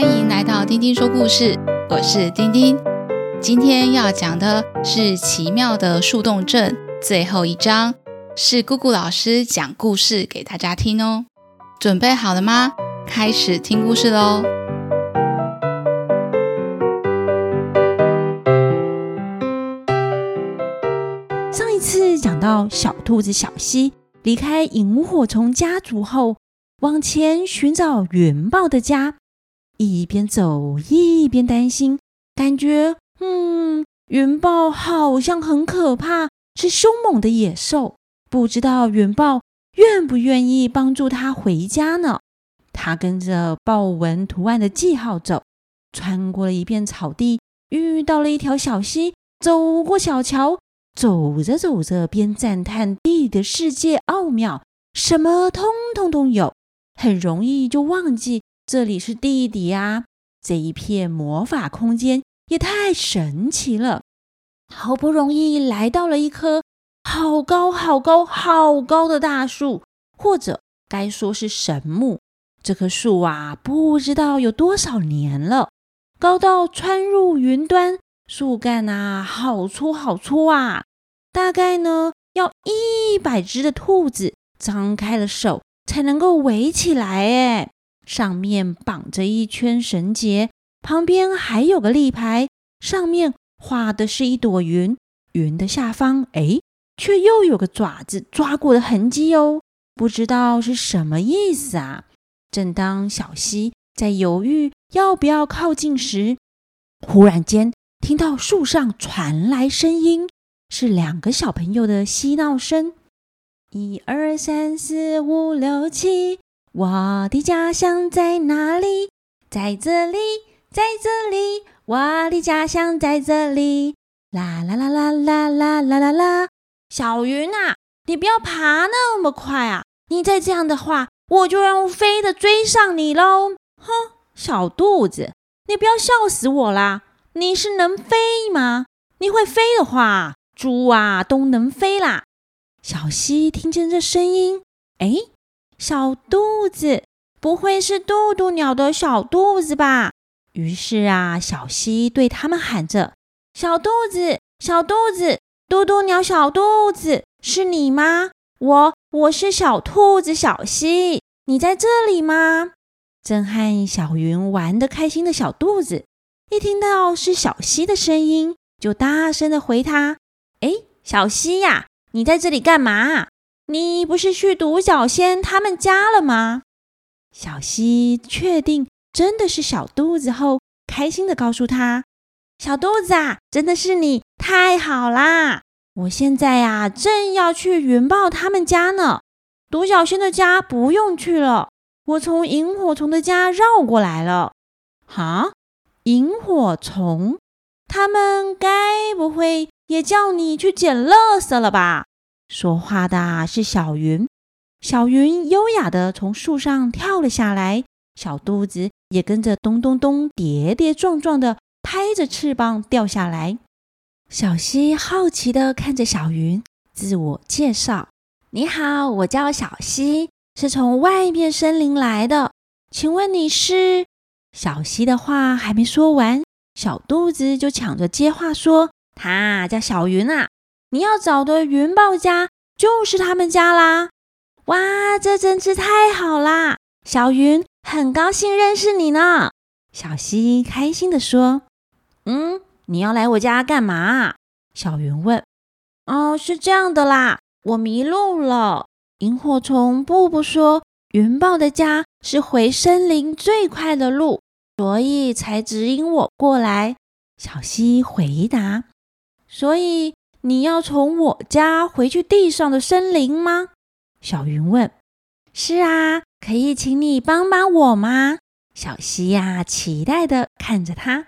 歡迎來到丁丁說故事，我是丁丁。今天要講的是《奇妙的樹洞鎮》，最後一章是咕咕老師講故事給大家聽哦。準備好了嗎？開始聽故事嘍。上一次講到小兔子小希離開螢火蟲家族後，往前尋找雲豹的家。一邊走一邊擔心，感覺嗯，雲豹好像很可怕，是凶猛的野獸。不知道雲豹願不願意幫助他回家呢？他跟着豹紋圖案的記號走，穿過了一片草地，遇到了一條小溪，走過小橋。走着走着，邊讚嘆地的世界奧妙，什麼通通都有，很容易就忘記。這裡是地底啊！這一片魔法空間也太神奇了。好不容易來到了一棵好高好高好高的大樹，或者該說是神木。這棵樹啊，不知道有多少年了，高到穿入雲端。樹幹啊，好粗好粗啊，大概呢要一百只的兔子張開了手才能夠圍起來。誒上面綁着一圈繩結，旁邊還有個立牌，上面畫的是一朵雲，雲的下方，哎，卻又有個爪子抓過的痕跡哦，不知道是什麼意思啊？正當小希在猶豫要不要靠近時，忽然間聽到樹上傳來聲音，是兩個小朋友的嬉鬧聲：一二三四五六七。我的家鄉在哪裡？在這裡，在這裡。我的家鄉在這裡。啦啦啦啦啦啦啦啦啦！小雲啊，你不要爬那麼快啊！你再這樣的話，我就用我飛的追上你嘍！哼，小兔子，你不要笑死我啦！你是能飛嗎？你會飛的話，豬啊都能飛啦！小希聽見這聲音，哎。小肚子，不會是渡渡鳥的小肚子吧？於是啊，小希對他們喊着：“小肚子，小肚子，渡渡鳥小肚子，是你嗎？我，我是小兔子小希，你在這裡嗎？”正和小雲玩得開心的小肚子，一聽到是小希的聲音，就大聲的回他：“誒，小希呀，你在這裡幹嘛？”你不是去獨角仙他們家了嗎？小希確定真的是小肚子後，開心的告訴他：“小肚子，啊，真的是你，太好啦！我現在呀、啊，正要去雲豹他們家呢。獨角仙的家不用去了，我從螢火蟲的家繞過來了。哈，螢火蟲，他們該不會也叫你去撿垃圾了吧？”說話的是小雲，小雲優雅的從樹上跳了下來，小肚子也跟着咚咚咚跌跌撞撞的拍着翅膀掉下來。小希好奇的看着小雲，自我介紹：“你好，我叫小希，是從外面森林來的。請問你是？”小希的話還沒說完，小肚子就搶着接話說：“他叫小雲啊。”你要找的雲豹家就是他們家啦！哇，這真是太好啦！小雲很高興認識你呢。小溪開心地說：“嗯，你要來我家幹嘛？”小雲問。“哦，是這樣的啦，我迷路了。”螢火蟲布布說：“雲豹的家是回森林最快的路，所以才指引我過來。”小溪回答：“所以。”你要從我家回去地上的森林嗎？小雲問。是啊，可以請你幫幫我嗎？小希呀、啊，期待的看着他。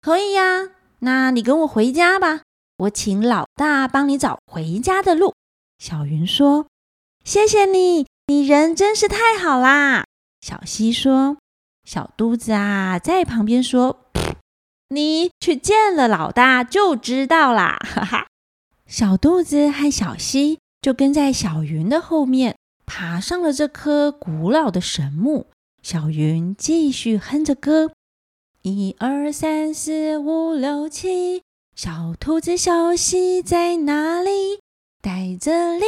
可以呀，那你跟我回家吧，我請老大幫你找回家的路。小雲說。謝謝你，你人真是太好啦。小希說。小兔子啊，在旁邊說，你去見了老大就知道啦，哈哈。小兔子和小希就跟在小雲的後面，爬上了這棵古老的神木。小雲繼續哼着歌：一二三四五六七，小兔子、小希在哪裡？在這裡，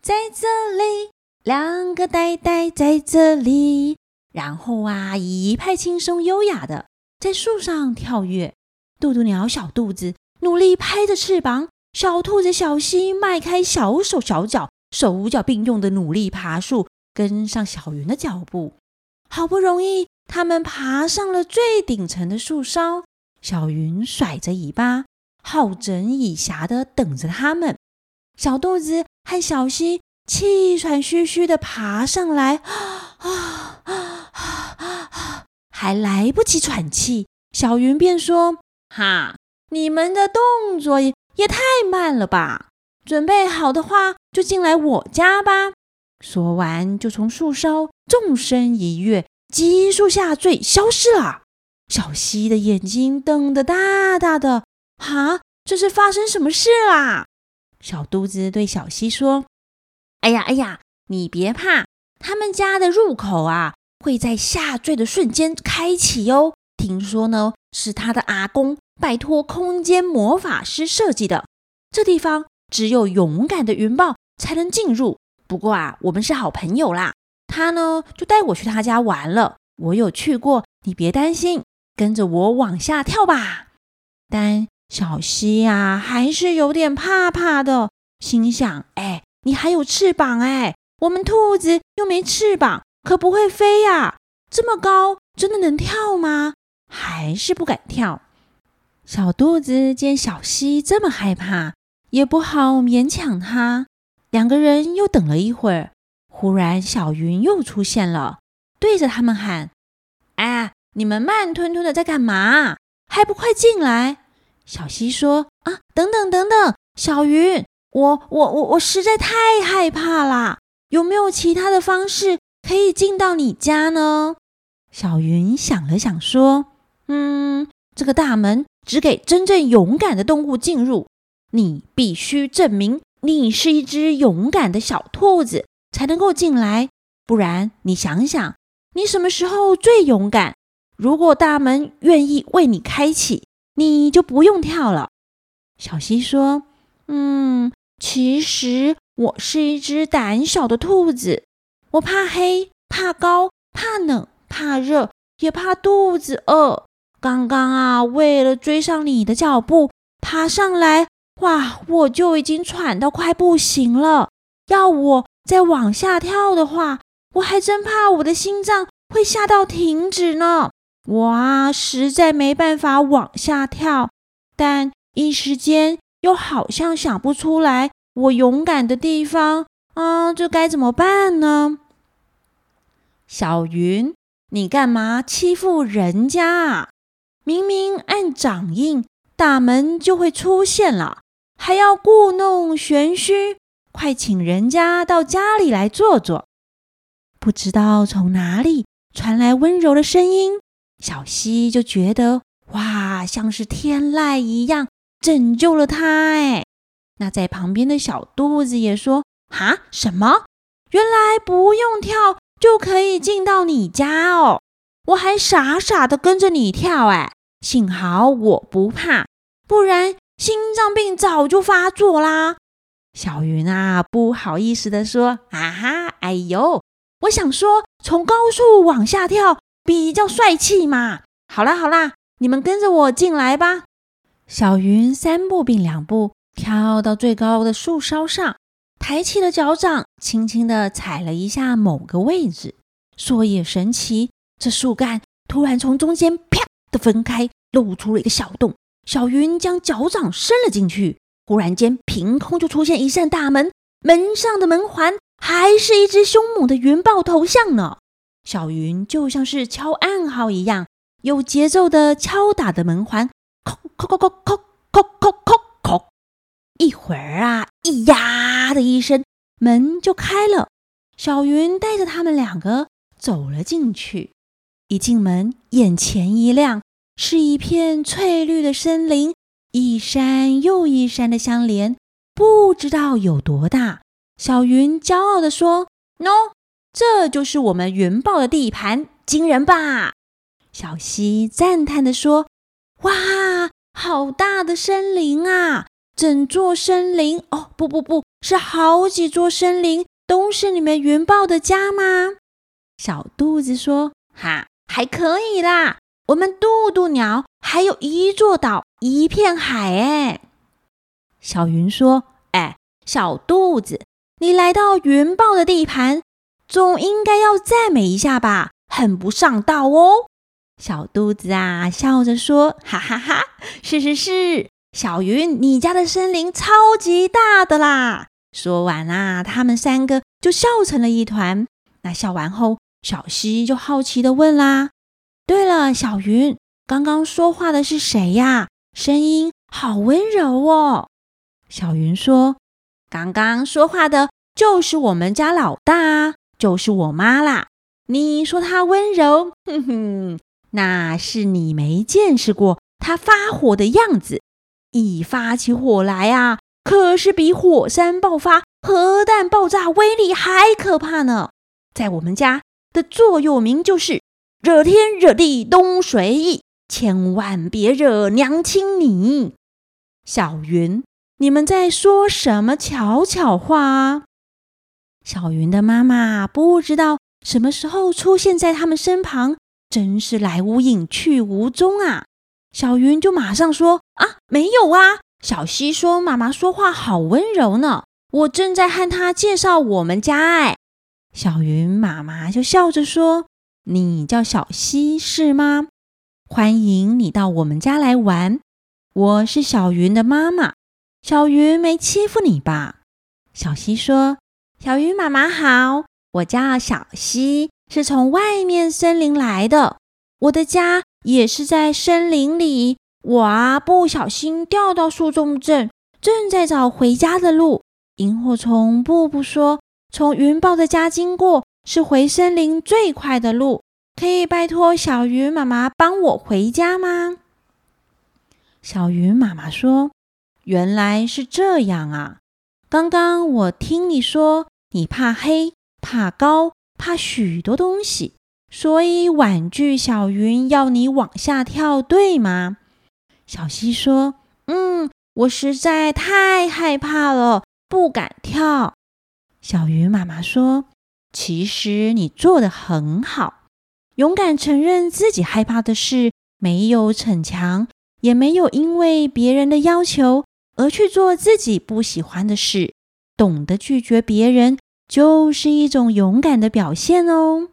在這裡，兩個呆呆在這裡。然後啊，一派輕鬆優雅的在樹上跳躍。渡渡鳥小肚子努力拍着翅膀。小兔子小希邁開小手小腳，手腳並用的努力爬樹，跟上小雲的腳步。好不容易，他們爬上了最頂層的樹梢。小雲甩着尾巴，好整以暇的等着他們。小兔子和小希氣喘吁吁的爬上來，啊啊啊啊！還來不及喘氣，小雲便說：“哈，你們的動作也。”也太慢了吧！準備好的話，就進來我家吧。說完，就從樹梢縱身一躍，急速下墜，消失了。小希的眼睛瞪得大大的，哈，這是發生什麼事啦、啊？小兔子對小希說：“哎呀哎呀，你別怕，他們家的入口啊，會在下墜的瞬間開啟哦。聽說呢，是他的阿公。”拜託，空間魔法師設計的這地方，只有勇敢的雲豹才能進入。不過啊，我們是好朋友啦，他呢，就帶我去他家玩了。我有去過，你別擔心，跟着我往下跳吧。但小希呀、啊，還是有點怕怕的，心想：哎，你還有翅膀哎，我們兔子又沒翅膀，可不會飛呀、啊。這麼高，真的能跳嗎？還是不敢跳。小肚子見小希這麼害怕，也不好勉強他。兩個人又等了一會兒，忽然小雲又出現了，對着他們喊：“哎，你們慢吞吞的在幹嘛？還不快進來！”小希說：“啊，等等等等，小雲，我我我我實在太害怕啦！有沒有其他的方式可以進到你家呢？”小雲想了想，說：“嗯，這個大門。”只給真正勇敢的動物進入。你必須證明你是一隻勇敢的小兔子，才能夠進來。不然，你想想，你什麼時候最勇敢？如果大門願意為你開啟，你就不用跳了。小希說：“嗯，其實我是一隻膽小的兔子，我怕黑，怕高，怕冷，怕熱，也怕肚子餓。”剛剛啊，為了追上你的腳步爬上來，哇！我就已經喘到快不行了。要我再往下跳的話，我還真怕我的心臟會嚇到停止呢。我啊，實在沒辦法往下跳，但一時間又好像想不出來我勇敢的地方。嗯，這該怎麼辦呢？小雲，你幹嘛欺負人家啊？明明按掌印，大門就會出現了，還要故弄玄虛。快請人家到家裡來坐坐。不知道從哪裡傳來溫柔的聲音，小希就覺得哇，像是天籟一樣，拯救了他。哎，那在旁邊的小兔子也說：“哈，什麼？原來不用跳就可以進到你家哦！我還傻傻的跟着你跳，哎。”幸好我不怕，不然心臟病早就發作啦。小雲啊，不好意思地說，啊哈，哎呦，我想說，從高處往下跳比較帥氣嘛。好啦好啦，你們跟着我進來吧。小雲三步併兩步跳到最高的樹梢上，抬起了腳掌，輕輕地踩了一下某個位置。說也神奇，這樹幹突然從中間啪。的分開露出了一個小洞，小雲將腳掌伸了進去，忽然間憑空就出現一扇大門，門上的門環還是一隻兇猛的雲豹頭像呢。小雲就像是敲暗號一樣，有節奏的敲打着門環，叩叩叩叩叩叩叩叩。一會兒啊，咿呀的一聲，門就開了，小雲帶着他們兩個走了進去。一進門，眼前一亮，是一片翠綠的森林，一山又一山的相連，不知道有多大。小雲驕傲地說：“喏，這就是我們雲豹的地盤，驚人吧？”小希讚嘆地說：“哇，好大的森林啊！整座森林……哦，不不不，是好幾座森林，都是你們雲豹的家嗎？”小兔子說：“哈。”還可以啦，我們渡渡鳥還有一座島，一片海誒。小雲說：“哎，小肚子，你來到雲豹的地盤，總應該要讚美一下吧？很不上道哦。”小肚子啊，笑着說：“哈哈哈哈，是是是，小雲，你家的森林超級大的啦！”說完啊，他們三個就笑成了一團。那笑完後。小希就好奇的問啦：“對了，小云，剛剛說話的是誰呀？聲音好溫柔哦。”小云說：“剛剛說話的就是我們家老大，啊，就是我媽啦。你說她溫柔，哼哼，那是你沒見識過她發火的樣子。一發起火來啊，可是比火山爆發、核彈爆炸威力還可怕呢。在我們家。”的座右銘就是“惹天惹地都隨意，千萬別惹娘親你。”小雲，你們在說什麼悄悄話啊？小雲的媽媽不知道什麼時候出現在他們身旁，真是來無影去無蹤啊！小雲就馬上說：“啊，沒有啊。”小希說：“媽媽說話好溫柔呢，我正在和她介紹我們家愛、哎。”小云媽媽就笑着說：“你叫小希是嗎？歡迎你到我們家來玩。我是小云的媽媽，小云沒欺負你吧？”小希說：“小云媽媽好，我叫小希，是從外面森林來的。我的家也是在森林裡。我啊，不小心掉到樹洞鎮，正正在找回家的路。”螢火蟲布布說。從雲豹的家經過是回森林最快的路，可以拜託小雲媽媽幫我回家嗎？小雲媽媽說：“原來是這樣啊！剛剛我聽你說，你怕黑、怕高、怕許多東西，所以婉拒小雲要你往下跳，對嗎？”小希說：“嗯，我實在太害怕了，不敢跳。”小雲媽媽說：“其實你做得很好，勇敢承認自己害怕的事，沒有逞強，也沒有因為別人的要求而去做自己不喜歡的事，懂得拒絕別人，就是一種勇敢的表現哦。”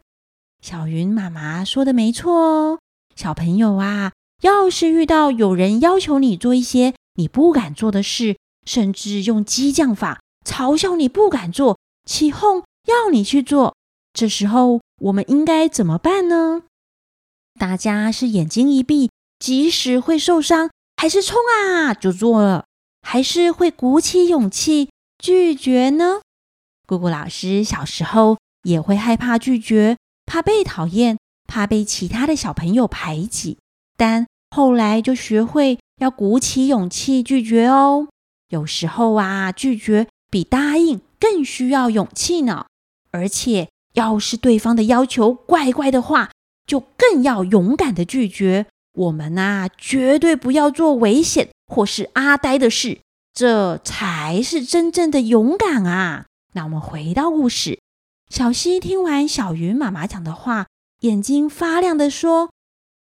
小雲媽媽說的沒錯哦，小朋友啊，要是遇到有人要求你做一些你不敢做的事，甚至用激將法，嘲笑你不敢做，起哄要你去做，這時候我們應該怎麼辦呢？大家是眼睛一閉，即使會受傷，還是衝啊就做了，還是會鼓起勇氣拒絕呢？咕咕老師小時候也會害怕拒絕，怕被討厭，怕被其他的小朋友排擠，但後來就學會要鼓起勇氣拒絕哦。有時候啊，拒絕。比答應更需要勇氣呢，而且要是對方的要求怪怪的話，就更要勇敢的拒絕。我們吶、啊，絕對不要做危險或是阿呆的事，這才是真正的勇敢啊！那我們回到故事，小希聽完小魚媽媽講的話，眼睛發亮地說：“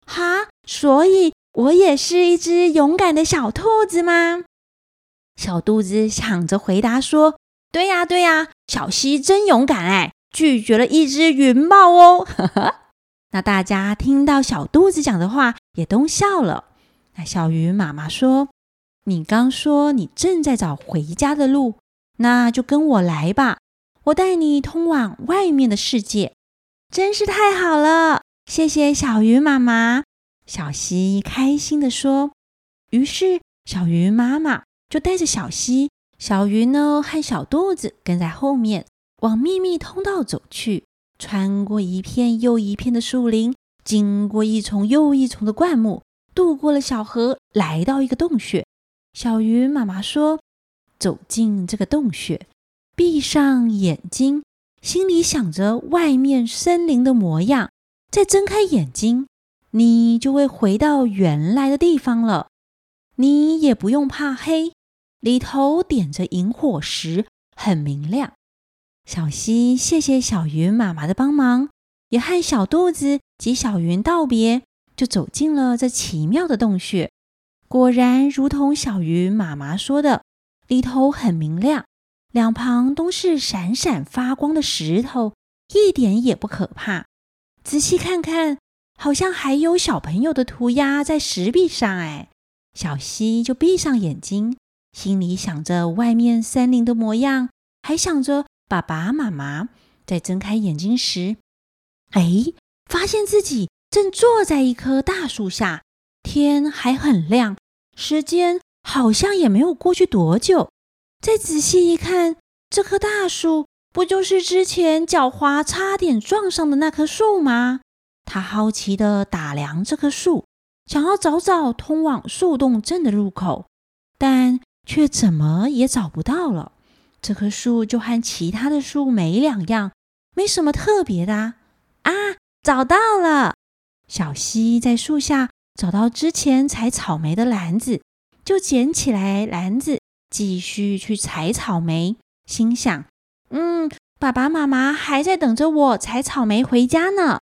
哈，所以我也是一只勇敢的小兔子嗎？”小兔子搶着回答說：“對呀，對呀，小希真勇敢哎，拒絕了一只雲帽哦。 ”那大家聽到小兔子講的話，也都笑了。那小魚媽媽說：“你剛說你正在找回家的路，那就跟我來吧，我帶你通往外面的世界。”真是太好了，謝謝小魚媽媽。小希開心地說：“於是，小魚媽媽。”就帶着小希、小魚呢和小肚子，跟在後面，往秘密通道走去。穿過一片又一片的樹林，經過一叢又一叢的灌木，渡過了小河，來到一個洞穴。小魚媽媽說：“走進這個洞穴，閉上眼睛，心裡想着外面森林的模樣，再睜開眼睛，你就會回到原來的地方了。你也不用怕黑。”裡頭點着螢火石，很明亮。小希謝謝小雲媽媽的幫忙，也和小肚子及小雲道別，就走進了這奇妙的洞穴。果然如同小雲媽媽說的，裡頭很明亮，兩旁都是閃閃發光的石頭，一點也不可怕。仔細看看，好像還有小朋友的塗鴉在石壁上。哎，小希就閉上眼睛。心裡想着外面森林的模樣，還想着爸爸媽媽，再睜開眼睛時，哎、欸，發現自己正坐在一棵大樹下，天還很亮，時間好像也沒有過去多久。再仔細一看，這棵大樹不就是之前腳滑差點撞上的那棵樹嗎？他好奇地打量這棵樹，想要找找通往樹洞鎮的入口，但，卻怎麼也找不到了，這棵樹就和其他的樹沒兩樣，沒什麼特別的啊。啊，找到了！小希在樹下找到之前採草莓的籃子，就撿起來籃子，繼續去採草莓。心想：嗯，爸爸媽媽還在等着我採草莓回家呢。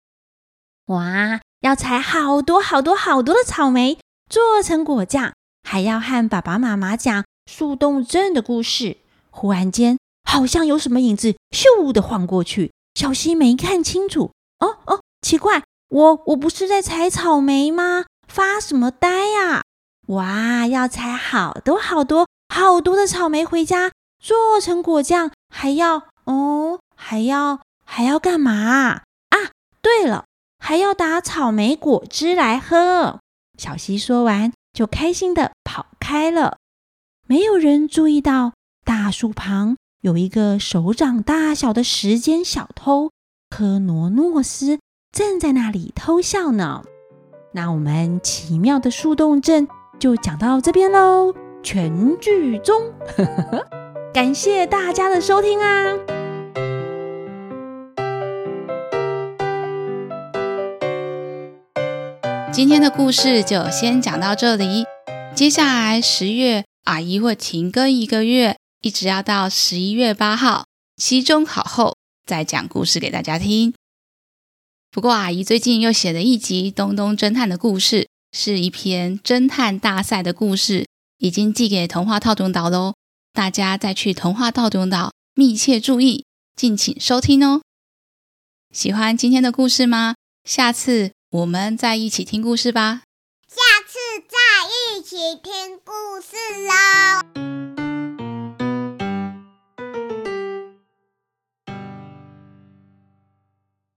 哇，要採好多好多好多的草莓，做成果醬。還要和爸爸媽媽講樹洞鎮的故事。忽然間，好像有什麼影子咻的晃過去，小希沒看清楚。哦哦，奇怪，我我不是在採草莓嗎？發什麼呆呀、啊？哇，要採好多好多好多的草莓回家做成果醬，還要哦、嗯，還要還要幹嘛啊？對了，還要打草莓果汁來喝。小希說完。就開心地跑開了，沒有人注意到大樹旁有一個手掌大小的時間小偷科羅諾斯正在那裡偷笑呢。那我們奇妙的樹洞鎮就講到這邊嘍，全劇終。感謝大家的收聽啊！今天的故事就先講到這裡。接下來十月，阿姨會停更一個月，一直要到十一月八號期中考後，再講故事給大家聽。不過，阿姨最近又寫了一集《東東偵探的故事》，是一篇偵探大賽的故事，已經寄給童話套中島嘍。大家再去童話套中島密切注意，敬請收聽哦。喜歡今天的故事嗎？下次。我們在一起聽故事吧。下次再一起聽故事嘍。